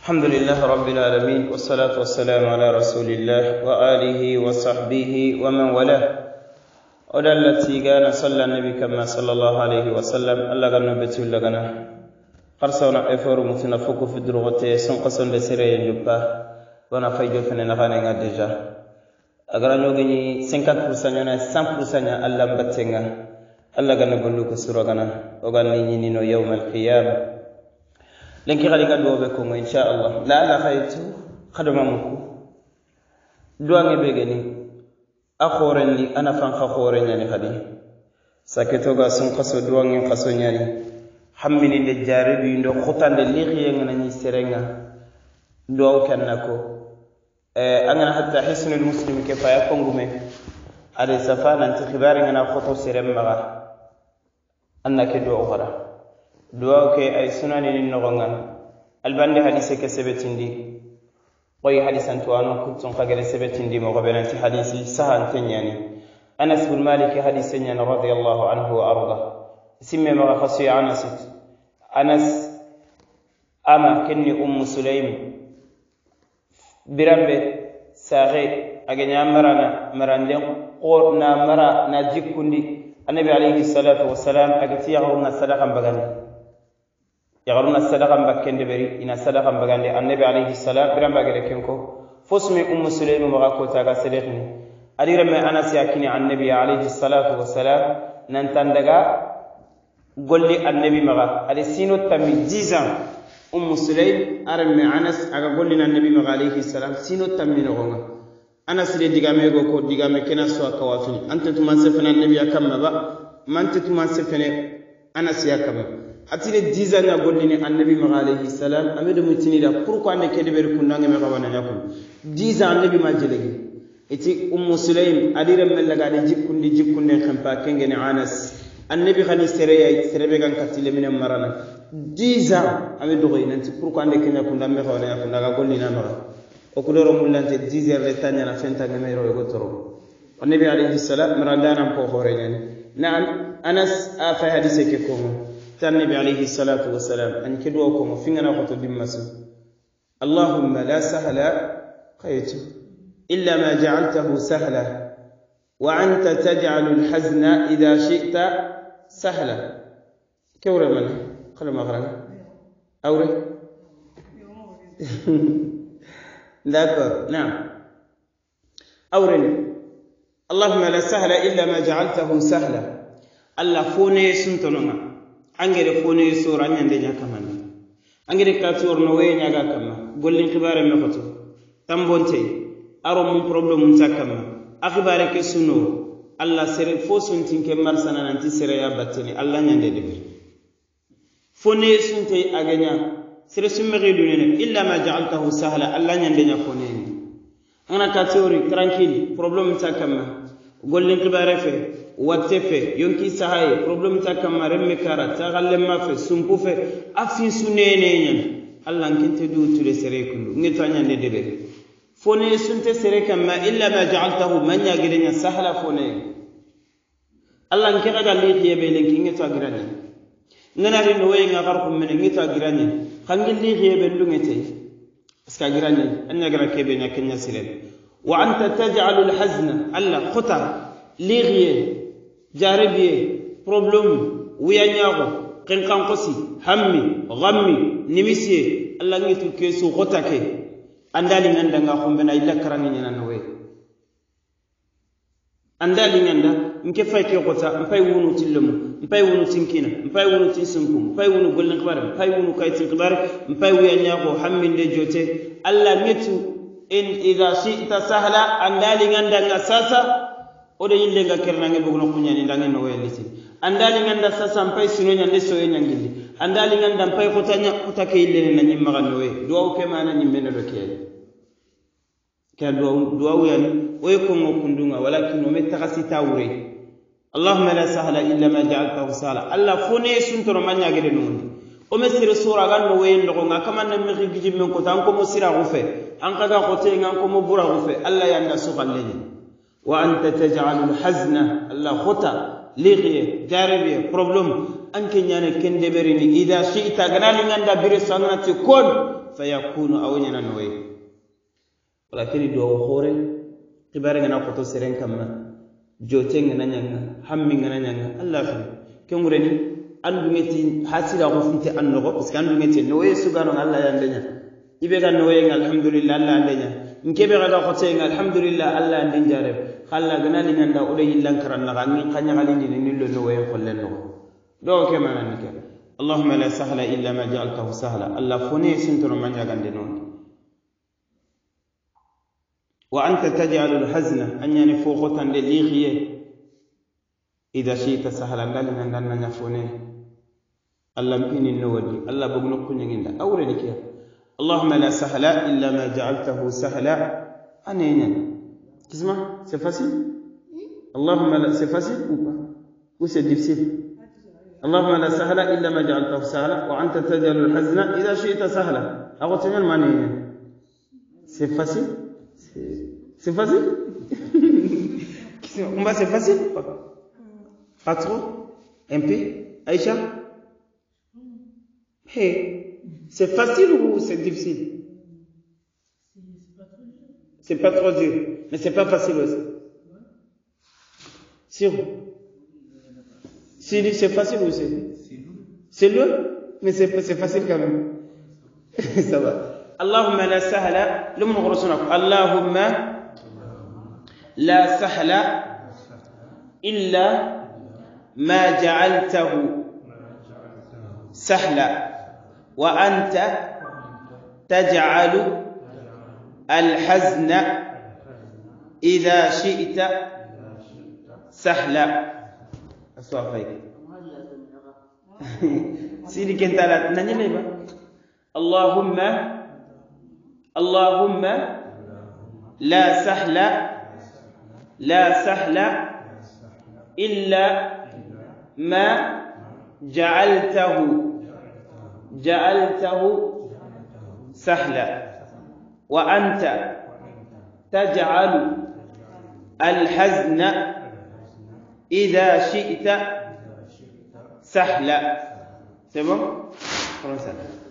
الحمد لله رب العالمين والصلاة والسلام على رسول الله وآله وصحبه ومن والاه أولا التي كان صلى النبي كما صلى الله عليه وسلم ألا غنى بيت الله غنى قرصونا إفور متنفق في دروغتي سنقصن لسيري وانا ونفيجو فننا نغاني ديجا أغرى نوغني سنكات فرسانيا سن فرسانيا ألا مبتنغا ألا غنى بلوك سورة غنى وغنى نينو يوم القيامة لنكي غالي قدوا بكم إن شاء الله لا لا خيتو خدم مكو دواني بيجني أخورني أنا فان خورني يعني خدي سكتوا قاسون قاسو دواني قاسو يعني حملي للجاري بيندو خطان للي غي سرنا دواو كان نكو أنا حتى حسن المسلم كيف يكون قومي على سفان أنت خبارنا خطو سرمغا أنك دواو غرا دعاو كي أي سنان لنغنغن البند حديثة كسبتين دي قوي حديثة توانو كتن قاقل سبتين دي مغبلا تي حديثة سهان تنياني أنس بن مالك حديثة نيان رضي الله عنه وأرضه سمي مغخصي أنس أنس أما كني أم سليم برمب ساغي أغني أمرنا مران لن قور نامرا ناجي كندي النبي عليه الصلاة والسلام أغتيا غرنا السلاحة بغني yagaruna sadakan bakkende beri ina sadakan bagande annabi alayhi salam birambagere kenko fosumi ummu sulaimi maga kotaga sedekni adirame anasi akini annabi alayhi salatu wasalam nantan daga golli annabi maga ada sino tammi 10 ans ummu sulaim arame anas aga gollina annabi maga alayhi salam sino tammi nogonga anas le digame go ko digame kena so akawafini anta tumanse fana annabi akamma ba mante tumanse fene anas yakamma atine dizanga gollini annabi ma alayhi salam ame do mutinida pourquoi ne kede ber kun nange me kawana yakun diza annabi ma jelegi iti ummu sulaim adira mellaga de jikkundi jikkunde khampa kengene anas annabi khani sereya serebe gan katile minen marana diza ame do goyi nanti pourquoi ne kenya kun nange kawana yakun daga gollina ma o kudoro mullante 10 heures de tanya na fenta ngamero yogo toro annabi alayhi salam marandana ko hore nyani na anas afa hadise ke komo تنبي عليه الصلاة والسلام أن كدوكم فينا قط دمسو اللهم لا سهل قيت إلا ما جعلته سهلا وأنت تجعل الحزن إذا شئت سهلا كورا من قال ما غرنا أوري ذكر نعم أورني اللهم لا سهل إلا ما جعلته سهلا الله فوني سنتنا angere fone sura nyande nyaka man angere ka sur no we nya kam golin gollin khibare me khoto tambonte aro mun problem mun sakam akhibare ke suno alla sere fo sun tin ke tinke marsana nanti sere ya batteni alla nyande de be fone sun te aganya sere sun me summe ne illa ma ja'altahu sahla alla nyande nya fone ni ana ka teori tranquille problem mun sakam golin khibare fe watte yonki sahaye problème ta kamma remme kara taxallenma fe sumpu fe a fiisu nene ñana allah nkente du tule sere kundu ngeto a ñande deɓere fone sunte sere kamma illa ma jaaltahu ma ñagireña sahla fone Alla nke xaga lixiyeɓe lenki ngeto a giraña nganari no woyenga xar xummene ngeto a giraña xangi lixiyeɓe ndungete parce que a giraña a ñagara keɓe ña Kenya siren wa anta tajalu lhasna allah xota lixiye jarabiye problème wuyañaako kenkankosi hammi gammi nimisiye allah ŋitu ke suxota ke andali ŋandanga xumbena illa karaŋe ñananowe andali ŋanda nke fay ke xota npay wunu tin lemu npay wunu tin kina npay wunu tin sunku npay wunu gollen xibare npay wunu kaytin xibare npay wuyañaako de jote allah ŋetu in ida shi'ta sahla andali ŋandanga sasa wo de yille nga kerrange bogono kuñani lange nogoyelliti andali ganda sasa mpay sino ñandi soye ñangilli andali ganda mpay kota kota ke yillene na ñim maga nowe duwawu ke mana ñimmene do keye kena duwawu yani wo ye kongo kundunga walakin ome tagasita wure allahuma la sahla illa ma jaaltahu sala allah fo neye suntoro aga nowoye nogonga kamanna mexi gijimmen kota an komo siraxu an komo buraxu fe allah yanda suxalleñen وانت تجعل الحزن الا خطا لغي جاربي بروبلم انك نيان يعني كندبرني اذا شئت غنال نندا بير سانات كون فيكون او نينا نوي ولكن دو خوري كبار غنا خطو سيرن كما جوتين غنا نيان حمي غنا نيان الله خير كنغرني andumeti hasira ko fite annogo parce que andumeti noye sugano alla yandenya ibe kan noye alhamdulillah alla yandenya nkebe ga da khotsenga alhamdulillah allah ndin jareb khalla gana ni nganda o de yillan karan la ngin khanya gali ni ni lo no wayen kollen no do ke manan ke allahumma la sahla illa ma ja'altahu sahla allah fone sintoro man jagande non wa anta taj'alu alhazna an yani fuqatan lil khiye idha shi'ta sahla ngali nganda nanya fone allah mpini no wadi allah bugno kunyenginda awre dikia اللهم لا سهل إلا ما جعلته سهلا انين كزما سفاسي اللهم لا سفاسي وسدفسي اللهم لا سهل إلا ما جعلته سهلا وأنت تجعل الحزن إذا شئت سهلا اغو تنين مانين سفاسي سفاسي on ما c'est facile pas trop un peu hey C'est facile ou c'est difficile C'est pas trop dur, mais c'est pas facile aussi. C'est Si c'est facile ou c'est C'est le, mais c'est facile quand même. Ça va. اللهم la sahla لمن ma اللهم sahla, ma إلا tahu وأنت تجعل الحزن إذا شئت سهلا أصوافيك سيدي كنت على اللهم اللهم لا سهل لا سهل إلا ما جعلته جعلته سهلا وأنت تجعل الحزن إذا شئت سهلا تمام؟ خلاص